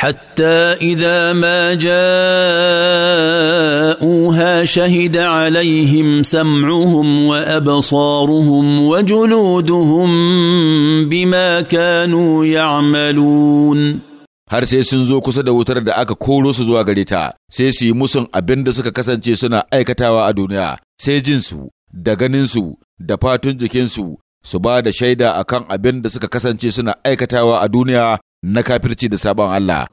حتى اذا ما جاءوها شهد عليهم سمعهم وابصارهم وجلودهم بما كانوا يعملون har sai sun zo kusa da wutar da aka koro su zuwa gare ta sai su yi musun abin da suka kasance suna aikatawa a duniya sai jinsu da ganinsu da fatun jikinsu su ba da shaida akan abin da suka kasance suna aikatawa a duniya na kafirci da sabon Allah